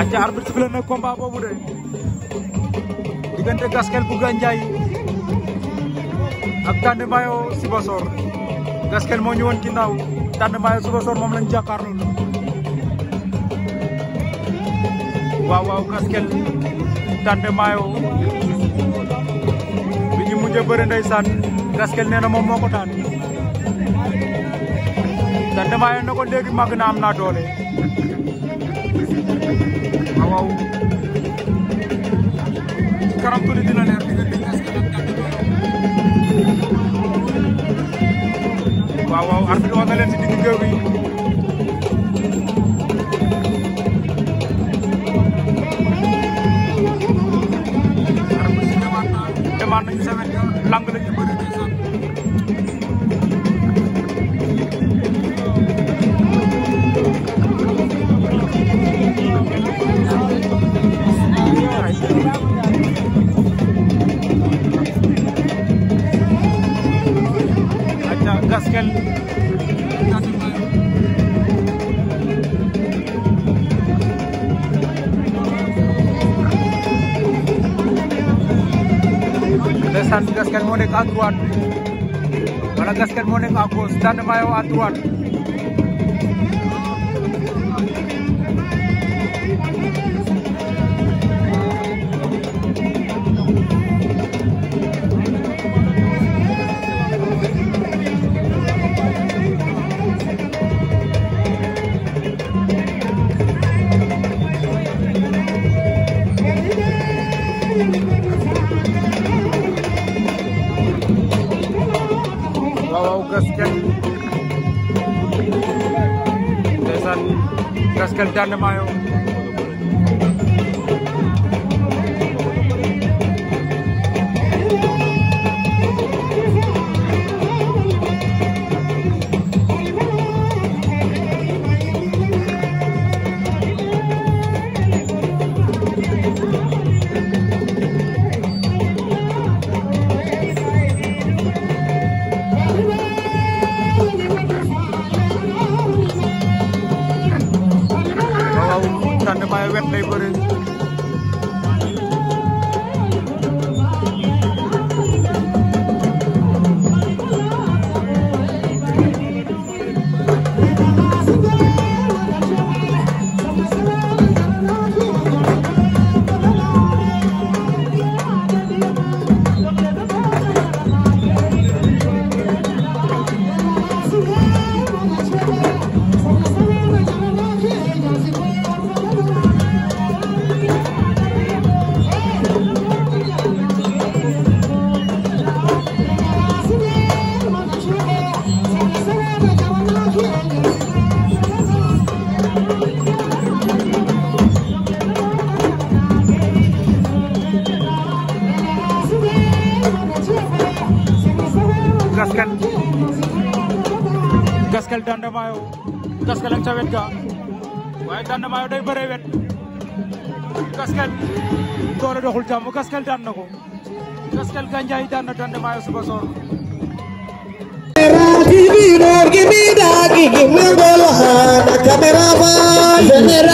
acca arbitre sifflé na combat boobu de diggante Gaskel bu Gandiaye ak Tande Gaskel moo ñëwoon ginnaaw Tande Mayo Sibassor moom lañ jàkkaarloo waaw waaw Gaskel Tande Mayo bi ñu mujjee Gaskel nee moom moo ko daan Tande Mayo na ko am naa waaw karam tuuti dina leer di nga dégg waaw waaw arbitre wax sa wet lang आजकल menegaskan monek atuan menegaskan monik aku dan mayo atuan minsan gaganda naman yung Thank you. Hey, buddy. gaskel gaskel Danda Mayo gaskel ak ca wet waaye Danda Mayo day bëre wet gaskel doole doxul jàmm gaskel daan na ko gaskel ganjaay daan na Danda suba soor Give me, give me, give me, give me, give me, give me, give me,